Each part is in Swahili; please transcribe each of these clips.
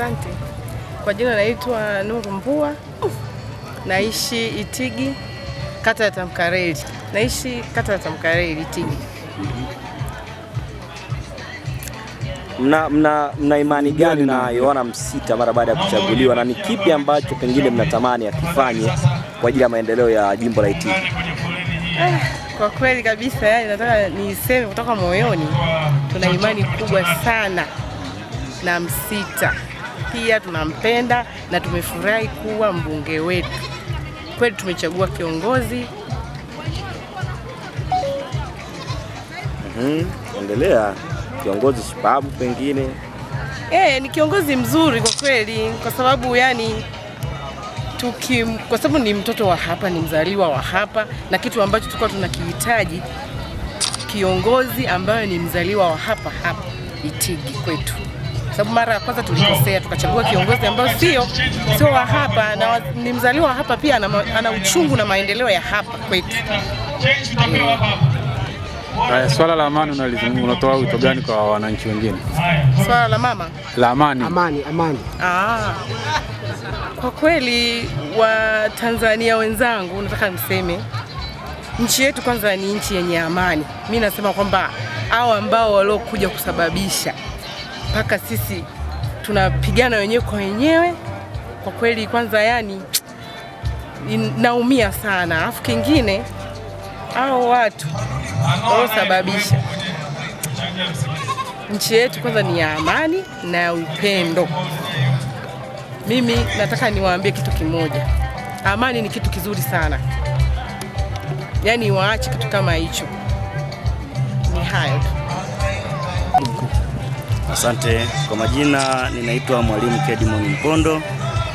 Asante. Kwa jina naitwa Nuru Mbua, naishi Itigi, kata ya Tamkareli. Naishi kata ya Tamkareli, Itigi. Mna, mna, mna imani gani na Yohana Msita mara baada ya kuchaguliwa na ni kipi ambacho pengine mnatamani akifanye kwa ajili ya maendeleo ya jimbo la Itigi? Ah, kwa kweli kabisa, yani nataka niseme kutoka moyoni, tuna imani kubwa sana na Msita pia tunampenda na tumefurahi kuwa mbunge wetu. Kweli tumechagua kiongozi. Mm -hmm. Endelea kiongozi shupavu pengine. Eh, ni kiongozi mzuri kwa kweli kwa sababu yani tuki, kwa sababu ni mtoto wa hapa, ni mzaliwa wa hapa, na kitu ambacho tulikuwa tunakihitaji kiongozi ambayo ni mzaliwa wa hapa hapa Itigi kwetu kwa sababu mara ya kwanza tulikosea, tukachagua kiongozi ambayo sio sio wa hapa, na ni mzaliwa wa hapa pia, ana, ana uchungu na maendeleo ya hapa kwetu. Haya, eh, swala la amani unalizungumza, unatoa wito gani kwa wananchi wengine? Swala la mama la amani, amani, amani. Ah, kwa kweli Watanzania wenzangu, nataka niseme nchi yetu kwanza ni nchi yenye amani. Mi nasema kwamba hao ambao waliokuja kusababisha mpaka sisi tunapigana wenyewe kwa wenyewe. Kwa kweli, kwanza yani naumia sana, alafu kingine au watu waosababisha nchi yetu kwanza ni ya amani na ya upendo. Mimi nataka niwaambie kitu kimoja, amani ni kitu kizuri sana, yaani waache kitu kama hicho. Ni hayo tu. Asante. Kwa majina ninaitwa Mwalimu kedmon Mpondo,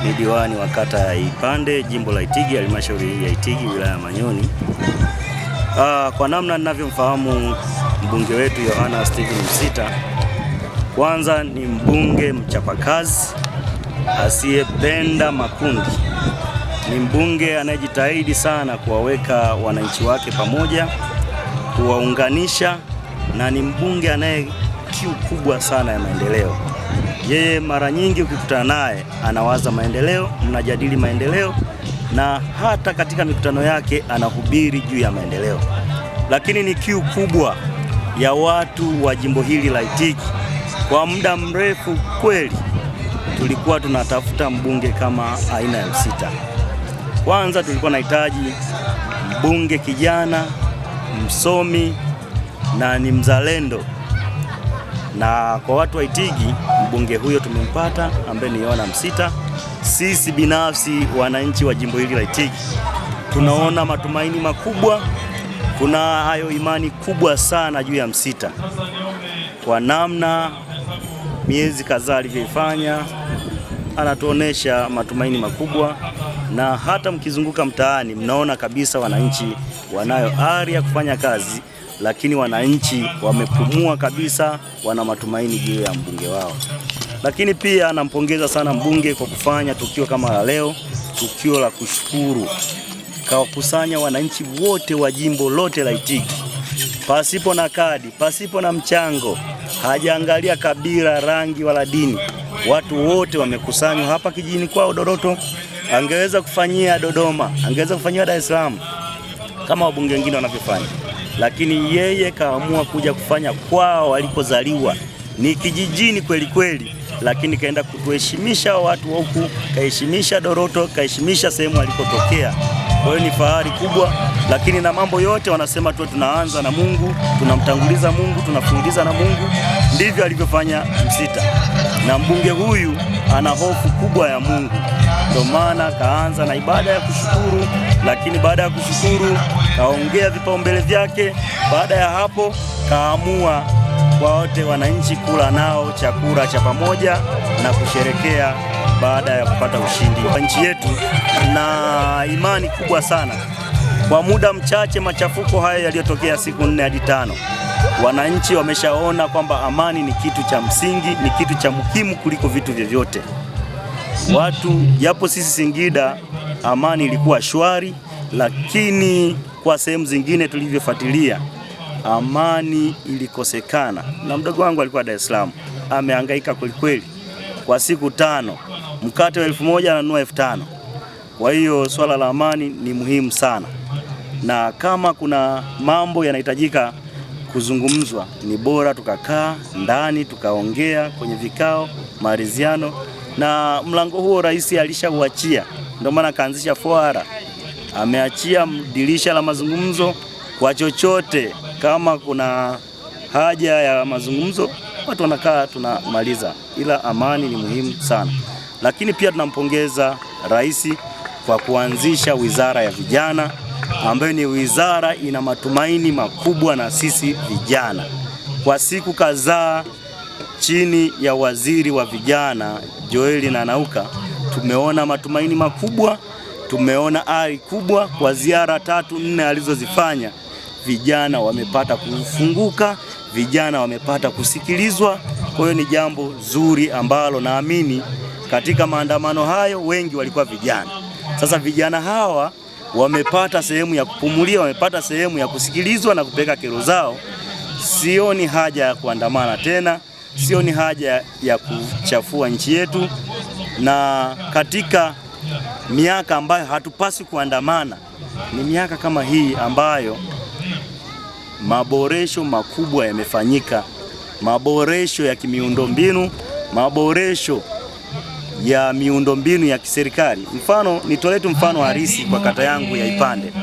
ni diwani wa kata ya Ipande, jimbo la Itigi, halmashauri ya Itigi, wilaya ya Manyoni. Aa, ah, kwa namna ninavyomfahamu mbunge wetu Yohana Steven Msita, kwanza ni mbunge mchapakazi asiyependa makundi, ni mbunge anayejitahidi sana kuwaweka wananchi wake pamoja, kuwaunganisha na ni mbunge anaye kiu kubwa sana ya maendeleo. Yeye mara nyingi ukikutana naye anawaza maendeleo, mnajadili maendeleo, na hata katika mikutano yake anahubiri juu ya maendeleo, lakini ni kiu kubwa ya watu wa jimbo hili la Itigi. Kwa muda mrefu kweli tulikuwa tunatafuta mbunge kama aina ya usita. Kwanza tulikuwa nahitaji mbunge kijana msomi na ni mzalendo na kwa watu wa Itigi, mbunge huyo tumempata ambaye ni Yohana Msita. Sisi binafsi wananchi wa jimbo hili la Itigi tunaona matumaini makubwa, kuna hayo imani kubwa sana juu ya Msita kwa namna miezi kadhaa alivyoifanya, anatuonesha matumaini makubwa, na hata mkizunguka mtaani mnaona kabisa wananchi wanayo ari ya kufanya kazi lakini wananchi wamepumua kabisa, wana matumaini juu ya mbunge wao. Lakini pia nampongeza sana mbunge kwa kufanya tukio kama la leo, tukio la kushukuru, kawakusanya wananchi wote wa jimbo lote la Itigi pasipo na kadi, pasipo na mchango, hajaangalia kabila, rangi wala dini. Watu wote wamekusanywa hapa kijijini kwao Doroto. Angeweza kufanyia Dodoma, angeweza kufanyia Dar es Salaam kama wabunge wengine wanavyofanya lakini yeye kaamua kuja kufanya kwao alikozaliwa. ni kijijini kweli kweli, lakini kaenda kutuheshimisha watu wa huku, kaheshimisha Doroto, kaheshimisha sehemu alikotokea. Kwa hiyo ni fahari kubwa, lakini na mambo yote wanasema tu tunaanza na Mungu, tunamtanguliza Mungu, tunafungiza na Mungu. Ndivyo alivyofanya Msita, na mbunge huyu ana hofu kubwa ya Mungu, ndio maana kaanza na ibada ya kushukuru lakini baada ya kushukuru kaongea vipaumbele vyake. Baada ya hapo, kaamua kwa wote wananchi kula nao chakula cha pamoja na kusherekea baada ya kupata ushindi kwa nchi yetu. Na imani kubwa sana kwa muda mchache, machafuko haya yaliyotokea siku nne hadi tano, wananchi wameshaona kwamba amani ni kitu cha msingi, ni kitu cha muhimu kuliko vitu vyovyote. Watu japo sisi Singida amani ilikuwa shwari, lakini kwa sehemu zingine tulivyofuatilia, amani ilikosekana. Na mdogo wangu alikuwa Dar es Salaam, amehangaika kwelikweli kwa siku tano, mkate wa elfu moja ananunua elfu tano. Kwa hiyo swala la amani ni muhimu sana, na kama kuna mambo yanahitajika kuzungumzwa ni bora tukakaa ndani tukaongea kwenye vikao, maridhiano, na mlango huo rais alishauachia ndio maana akaanzisha foara, ameachia dirisha la mazungumzo kwa chochote. Kama kuna haja ya mazungumzo, watu wanakaa tunamaliza, ila amani ni muhimu sana. Lakini pia tunampongeza rais kwa kuanzisha wizara ya vijana ambayo ni wizara ina matumaini makubwa na sisi vijana. Kwa siku kadhaa chini ya waziri wa vijana Joeli Nanauka tumeona matumaini makubwa, tumeona ari kubwa. Kwa ziara tatu nne alizozifanya, vijana wamepata kufunguka, vijana wamepata kusikilizwa. Kwa hiyo ni jambo zuri ambalo naamini katika maandamano hayo wengi walikuwa vijana. Sasa vijana hawa wamepata sehemu ya kupumulia, wamepata sehemu ya kusikilizwa na kupeka kero zao. Sioni haja ya kuandamana tena, sioni haja ya kuchafua nchi yetu na katika miaka ambayo hatupasi kuandamana ni miaka kama hii ambayo maboresho makubwa yamefanyika, maboresho ya kimiundombinu, maboresho ya miundombinu ya kiserikali. Mfano nitolee tu mfano harisi kwa kata yangu ya Ipande.